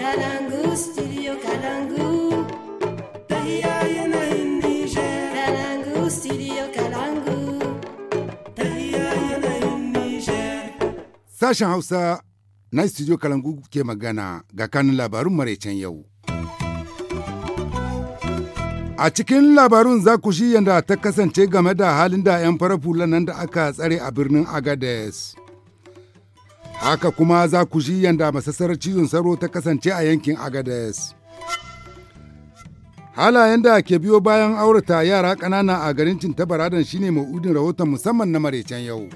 studio studio Sashen Hausa na studio Kalangu ke magana ga kanin labarun maraicen yau. A cikin labarun za ku shi yadda ta kasance game da halin da 'yan fara nan da aka tsare a birnin Agadez. Haka kuma za ku ji yadda masassarar cizon sauro ta kasance a yankin Agades. Halayen da ke biyo bayan aurata yara ƙanana a garin Cintabaradan shine ma'udin rahoton musamman na maraicen yau.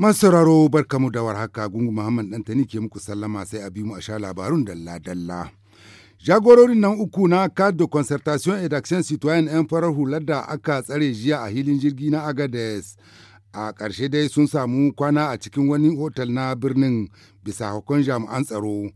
Masauraro barkamu da warhaka gungu Muhammad Dantani ke muku sallama sai a bi mu a sha labarun dalla-dalla. Jagororin nan uku na Card de Concertation et d'Action Citoyen 'yan farar hular da aka tsare jiya a hilin jirgi na Agadez. a ƙarshe dai sun samu kwana a cikin wani otal na birnin bisa hukun jami'an tsaro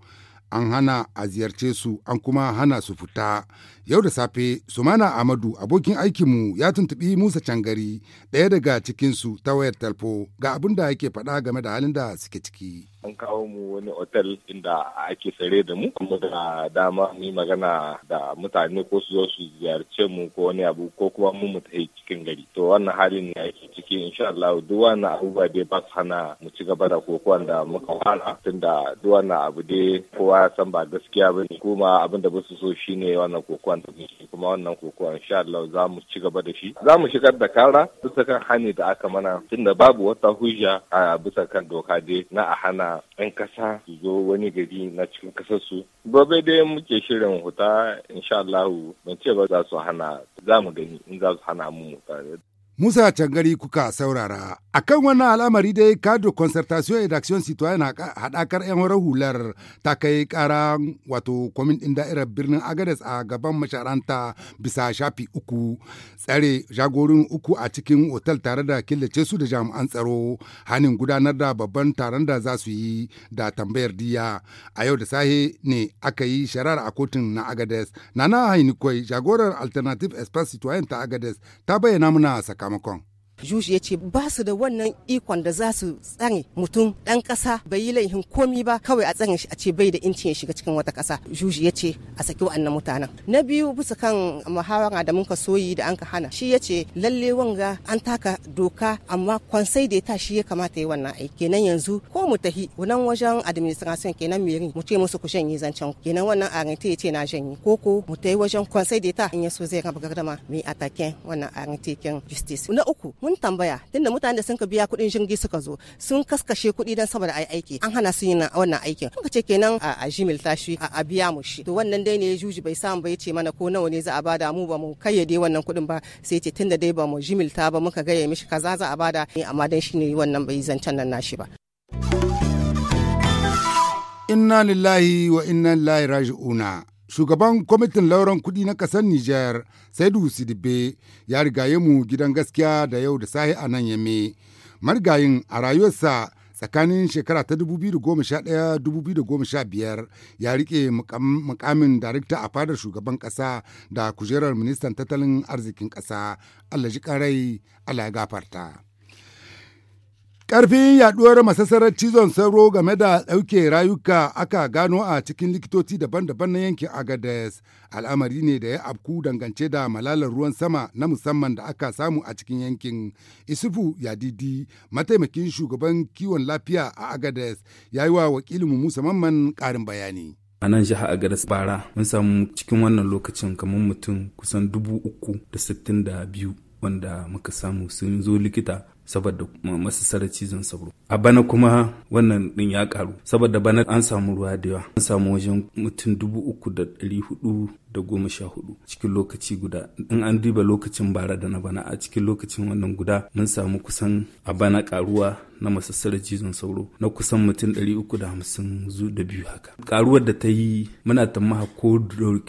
an hana a ziyarce su an kuma hana su fita yau da safe sumana amadu abokin aikinmu ya tuntubi musa cangari ɗaya daga cikinsu ta wayar talfo ga abin da yake faɗa game da halin da suke ciki an kawo mu wani otel inda ake tsare da mu kuma da dama mu magana da mutane ko su zo su ziyarce mu ko wani abu ko kuma mu mu tafi cikin gari to wannan halin ne ake ciki insha Allah duk wannan abubuwa dai ba su hana mu ci gaba da kokowan da muka fara tunda duk wannan abu dai kowa ya san ba gaskiya bane kuma abin da ba su so shine wannan kokowan da muke kuma wannan kokowan insha Allah za mu ci gaba da shi za mu shigar da kara bisa kan hani da aka mana tunda babu wata hujja a bisa kan doka dai na a hana ɗan 'yan ƙasa su zo wani gari na cikin ƙasar su. Gobe dai muke shirin huta insha Allahu ban ce ba za su hana za mu gani in za su hana mu mutane. Musa Cangari kuka saurara. A kan wannan al'amari dai cadre concertation et action citoyenne haɗakar 'yan horar hular ta kai ƙara wato kwamin ɗin da'irar birnin Agades a gaban masharanta bisa shafi uku tsare jagorin uku a cikin otal tare da killace su da jami'an tsaro hanin gudanar da babban taron da za su yi da tambayar diya. A yau da sahe ne aka yi sharar a kotun na Agades. Nana Hainikwai jagorar Alternative Express Citoyen ta Agades ta bayyana muna saka 香港。Jushi ya ce ba su da wannan ikon da za su tsare mutum ɗan ƙasa bai yi laifin komi ba kawai a tsare shi a ce bai da inci ya shiga cikin wata ƙasa. Jushi ya ce a saki wa'annan mutanen. Na biyu bisa kan muhawara da muka soyi da an ka hana shi ya ce lalle wanga an taka doka amma kwansai da ya ta shi ya kamata ya wannan aiki. Kenan yanzu ko mu tahi wannan wajen administration kenan mu mu ce musu ku shanye zancen kenan wannan arante ya ce na shanye ko ko mu tahi wajen kwansai da ta in ya so zai raba gardama mai ataken wannan arante kin justice. Na uku mun tambaya tunda mutane da sun ka biya kuɗin jirgi suka zo sun kaskashe kuɗi don saboda ai aiki an hana su yin wannan aikin muka ce kenan a ajimil tashi a biya mu shi to wannan dai ne juji bai samu bai ce mana ko nawa ne za a bada mu ba mu kayyade wannan kuɗin ba sai ce tunda dai ba mu jimilta ba muka gaya mishi kaza za a bada amma dan shi ne wannan bai zancen nan nashi ba inna lillahi wa inna ilaihi raji'una shugaban kwamitin lauran kudi na ƙasar Nijar, Saidu Sidibe, ya rigaye mu gidan gaskiya da yau da sahi a nan yame. Marigayin a rayuwarsa tsakanin shekara ta 2011-2015 ya rike mukamin darakta a fadar shugaban kasa da kujerar ministan tattalin arzikin kasa Allah ji karai Allah ya gafarta. karfin yaɗuwar masasarar cizon sauro game da ɗauke rayuka aka gano a cikin likitoci daban-daban na yankin Agades. Al'amari ne da ya afku dangance da malalar ruwan sama na musamman da aka samu a cikin yankin. Isufu Yadidi, mataimakin shugaban kiwon lafiya a Agades, ya yi wa wakilinmu Musa Mamman karin bayani. a nan jiha a garas bara mun samu cikin wannan lokacin kamar mutum kusan dubu uku da sittin da biyu wanda muka samu sun zo likita saboda masasarar cizon sauro a bana kuma wannan din ya karu saboda bana an samu ruwa da yawa an samu wajen mutum dubu uku da dari hudu da goma sha hudu cikin lokaci guda in an duba lokacin bara da na bana a cikin lokacin wannan guda mun samu kusan a bana karuwa na masassar cizon sauro na kusan mutum hamsin zu da biyu haka karuwar da ta yi muna tamaha ko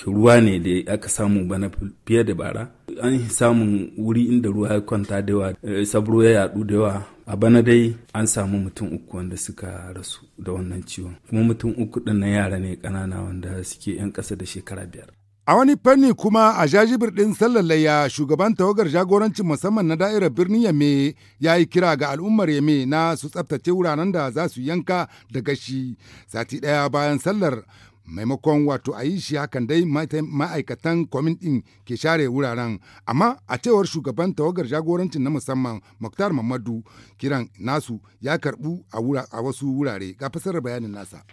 ruwa ne da aka samu bana fiye da bara an samun wuri inda ruwa ya kwanta da yawa eh, sabro ya yadu da yawa a bana dai an samu mutum uku wanda suka rasu da wannan ciwon kuma mutum uku ɗin na yara ne ƙanana wanda suke 'yan ƙasa da shekara biyar A wani fanni kuma a jajibir ɗin sallar layya shugaban tawagar jagorancin musamman na da'irar birnin Yame ya yi kira ga al'ummar Yame na su tsabtace wuraren da za su yanka da gashi. Sati ɗaya bayan sallar maimakon wato a yi shi hakan dai ma'aikatan kwamin din ke share wuraren amma a cewar shugaban tawagar jagorancin na musamman muktar mamadu kiran nasu ya karbu a wasu wurare ga fasarar bayanin nasa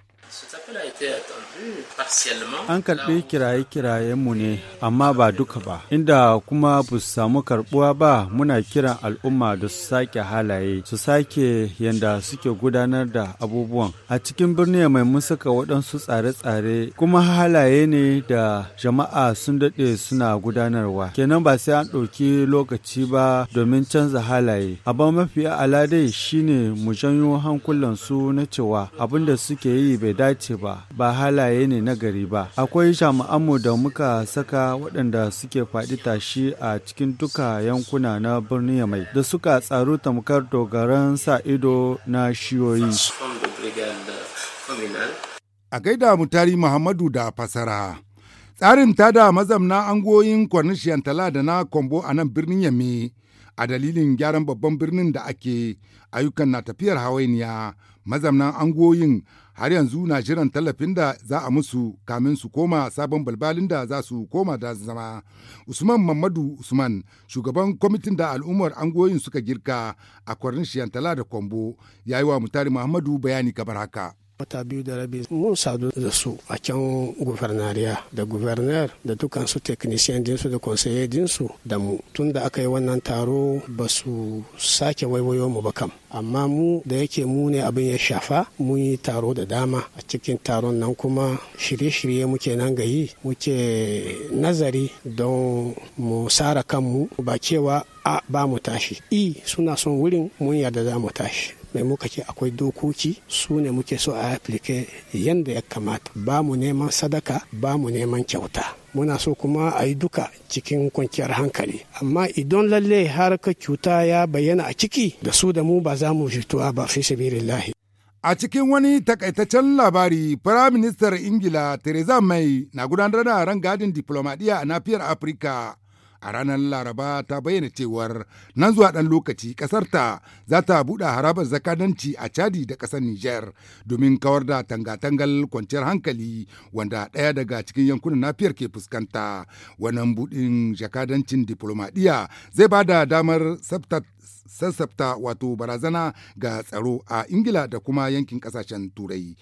An karɓi kiraye mu ne, amma ba duka ba, inda kuma bu samu karɓuwa ba muna kiran al'umma da su sake halaye, su sake yadda suke gudanar da abubuwan. A cikin birni mai mun waɗansu tsare-tsare kuma halaye ne da jama'a sun daɗe suna gudanarwa. Kenan ba sai an ɗauki lokaci ba domin canza halaye. Abba mafi aladai shine mu janyo hankulansu na cewa abin da suke yi bai dace ba ba halaye ne na gari ba akwai jami'anmu da muka saka waɗanda suke faɗi tashi a cikin duka yankuna na birnin mai da suka tsaru tamkar dogaran sa ido na shiyoyi a gaida mutari muhammadu da fasara tsarin tada mazamna angoyin kwanishiyan tala da na kombo a nan birnin yami a dalilin gyaran babban birnin da ake ayyukan na tafiyar hawainiya mazamnan angoyin har yanzu na jiran tallafin da za a musu kamin su koma sabon balbalin da za su koma da zama. Usman Mamadu Usman, shugaban kwamitin da al'ummar angoyin suka girka a kwarin Shiyantala da Kwambo, ya yi wa Mutari Muhammadu bayani kamar haka. wata biyu da rabi mun sadu da su a can gubernariya da gubernar da dukansu teknisiyan dinsu da konseye dinsu da mu tun da aka yi wannan taro ba su sake waiwayo mu ba kam amma mu da yake mu ne abin ya shafa mun yi taro da dama a cikin taron nan kuma shirye-shirye muke nan ga yi muke nazari don mu sara kanmu ba cewa a ba mu tashi i suna son wurin mun yarda za mu tashi mai muka ce akwai dokoki su ne muke so a aplike yadda ya kamata ba mu neman sadaka ba mu neman kyauta muna so kuma a yi duka cikin kwanciyar hankali amma idan lalle har ka cuta ya bayyana a ciki da su da mu ba za mu fitowa ba fi lahi. A cikin wani takaitaccen labari, Firaministar Ingila Theresa May na gudanar da ran gadin diflomadiyya a nafiyar Afirka. a ranar laraba ta bayyana cewar nan zuwa ɗan lokaci ta za ta buɗe harabar zakadanci a chadi da ƙasar niger domin kawar da tangatangal kwanciyar hankali wanda ɗaya daga cikin yankunan nafiyar ke fuskanta wannan buɗin jakadancin diplomadiya zai ba da damar sassafta wato barazana ga tsaro a ingila da kuma yankin ƙasashen turai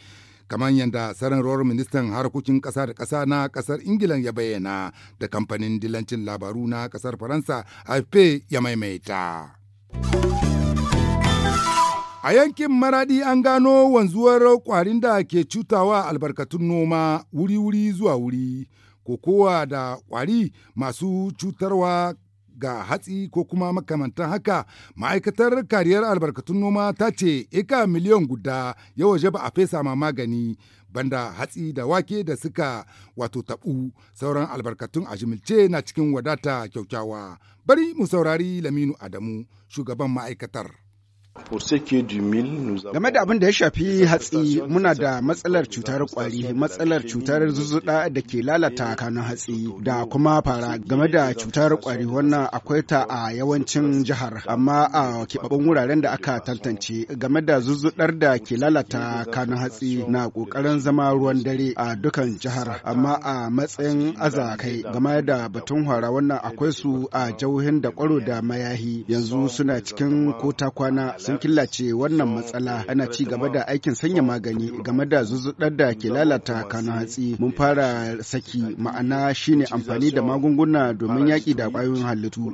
kamar yadda sanarwar ministan harkokin ƙasa da ƙasa na ƙasar Ingila ya bayyana da kamfanin dilancin labaru na ƙasar Faransa AFP ya maimaita. A yankin Maradi an gano wanzuwar kwarin da ke cutawa albarkatun noma wuri-wuri zuwa wuri, kokowa da kwari masu cutarwa ga hatsi ko kuma makamantan haka ma'aikatar kariyar albarkatun noma ta ce eka miliyan guda ya waje ba a fesa ma magani banda hatsi da wake da suka wato taɓu sauran albarkatun a jimilce na cikin wadata kyaukyawa bari mu saurari laminu adamu shugaban ma'aikatar. Game da abin da ya shafi hatsi muna da matsalar cutar kwari, matsalar cutar zuzuɗa da ke lalata kanun hatsi da kuma fara game da cutar kwari wannan akwai ta a yawancin jihar amma a keɓaɓɓen wuraren da aka tantance game da zuzuɗar da ke lalata kanun hatsi na ƙoƙarin zama ruwan dare a dukan jihar amma a matsayin azakai game da batun hwara wannan akwai su a jauhin da kwaro da mayahi yanzu suna cikin kota kwana sun killace wannan matsala ana ci gaba da aikin sanya magani game da zuzuɗar da ke lalata kano hatsi mun fara saki ma'ana shine amfani da magunguna domin yaƙi da ƙwayoyin halittu.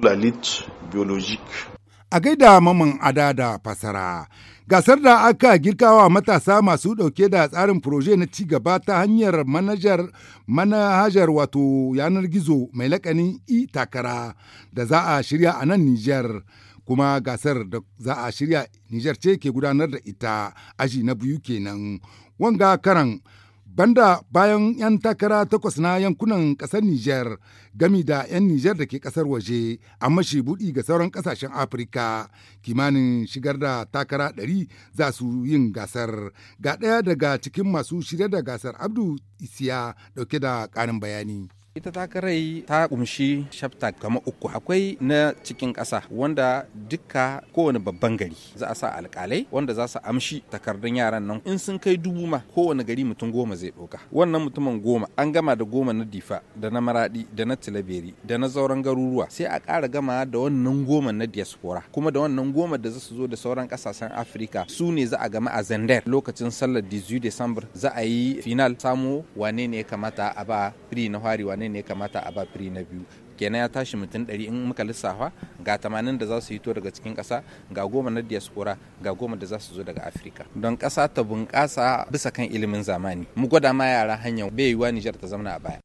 A gaida maman ada da fasara. Gasar da aka girkawa matasa masu ɗauke da tsarin proje na ci gaba ta hanyar manajar manhajar wato yanar gizo mai lakanin e takara da za a shirya a nan Nijar. kuma gasar da za a shirya Nijar ce ke gudanar da ita aji na biyu kenan. Wanga karan banda bayan 'yan takara takwas na yankunan kasar Nijar gami da 'yan Nijar da ke kasar waje a mashi buɗi ga sauran ƙasashen Afirka kimanin shigar da takara ɗari za su yin gasar ga ɗaya daga cikin masu shirya da gasar Abdu Isiya ɗauke da ƙarin bayani. ita ta takarai ta kumshi shafta kama uku akwai na cikin ƙasa wanda duka kowane babban gari za a sa alƙalai wanda za su amshi takardun yaran nan in sun kai dubu ma kowane gari mutum goma zai ɗauka wannan mutumin goma an gama da goma na difa da na maradi da na tilaberi da na sauran garuruwa sai a ƙara gama da wannan goma na diaspora kuma da wannan goma da za su zo da sauran ƙasashen afirka su ne za a gama a Zander. lokacin sallar 18 december za a yi final samo wane ne ya kamata a ba firi na hari wane ne kamata a ba firi na biyu kenan ya tashi mutum ɗari in muka lissafa ga tamanin da za su hito daga cikin ƙasa ga goma na diaspora ga goma da za su zo daga afirka don ƙasa ta bunƙasa bisa kan ilimin zamani mu gwada ma yara hanyar bai yiwuwa nijar ta zauna a baya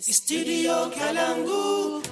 studio kalangu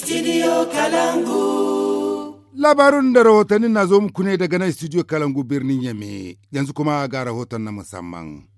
Studio Kalangu. Labarun da rahotannin na zo muku ne daga nan Studio Kalangu birnin Yame, yanzu kuma ga rahoton na musamman.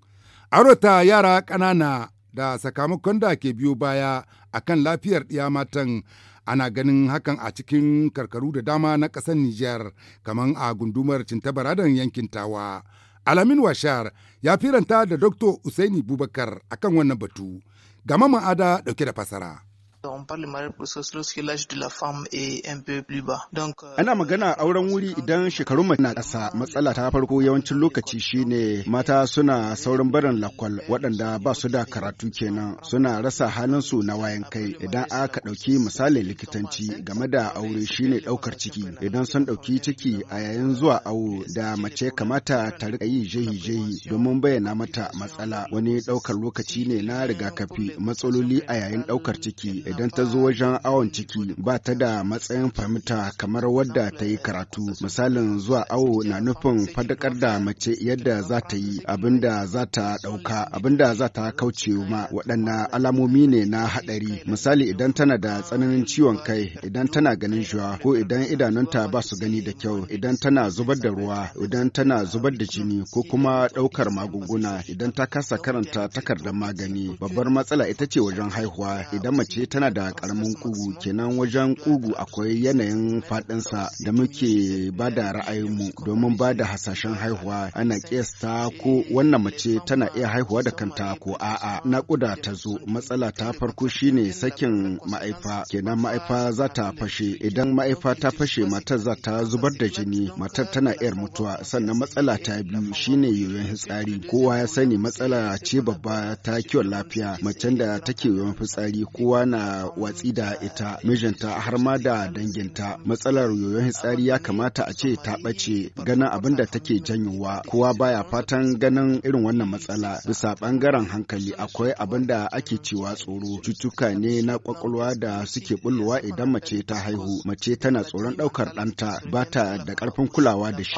Arota yara ƙanana da sakamakon da ke biyo baya akan lafiyar ɗiya matan ana ganin hakan a cikin karkaru da dama na ƙasar Nijar kamar a gundumar Cintabaradan yankin Tawa. Alamin Washar ya firanta da Dr. Usaini Bubakar akan wannan batu, gama ma'ada ɗauke da fasara. on parle mariage lorsque l'âge de la femme est un peu plus bas. Donc euh, ana magana auren wuri idan shekarun mace na ƙasa matsala ta farko yawancin lokaci shine mata suna saurin barin lakwal waɗanda ba su da karatu kenan suna rasa halin su na wayan kai idan aka ɗauki misalin likitanci game da aure shine ɗaukar ciki idan sun ɗauki ciki a yayin zuwa awo da mace kamata ta riƙa yi jehi-jehi domin bayyana mata matsala wani ɗaukar lokaci ne na rigakafi matsaloli a yayin ɗaukar ciki idan ta zo wajen awon ciki ba ta da matsayin fahimta kamar wadda ta yi karatu misalin zuwa awo na nufin fadakar da mace yadda za ta yi abinda za ta ɗauka abinda za ta kauce ma waɗannan alamomi ne na haɗari misali idan tana da tsananin ciwon kai idan tana ganin shuwa ko idan idanunta ba su gani da kyau idan tana zubar da ruwa idan tana zubar da jini ko kuma ɗaukar magunguna idan ta kasa karanta takardar magani babbar matsala ita ce wajen haihuwa idan mace tana yana da karamin kugu kenan wajen kugu akwai yanayin faɗinsa da muke ba da ra'ayinmu domin ba da hasashen haihuwa ana kiyasta ko wannan mace tana iya haihuwa da kanta ko a'a naƙuda ta zo matsala ta farko shine sakin ma'aifa kenan ma'aifa za ta fashe idan ma'aifa ta fashe matar za ta zubar da jini matar tana iya mutuwa sannan matsala ta biyu shine yoyon fitsari kowa ya sani matsala ce babba ta kiwon lafiya macen da take yoyon fitsari kowa na watsi da ita mijinta har ma da danginta matsalar yoyon hitsari ya kamata a ce ta ɓace ganin abin da take janyowa kowa baya fatan ganin irin wannan matsala bisa ɓangaren hankali akwai abin da ake cewa tsoro cutuka ne na kwakwalwa da suke bullowa idan mace ta haihu mace tana tsoron ɗaukar ɗanta ba ta da ƙarfin kulawa da shi.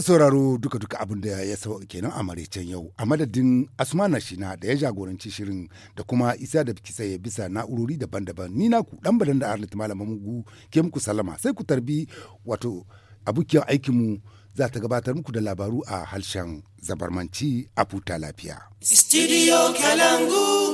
sauraro duka-duka abin da ya sauka kenan a maraicen yau a madadin asmana shina da ya jagoranci shirin da kuma isa da kisa ya bisa na'urori daban-daban ni na ku dan badan da arlit malamin mugu ke muku salama sai ku tarbi wato abokiyar aikinmu za ta gabatar muku da labaru a harshen zabarmanci a futa lafiya. Studio Kalangu.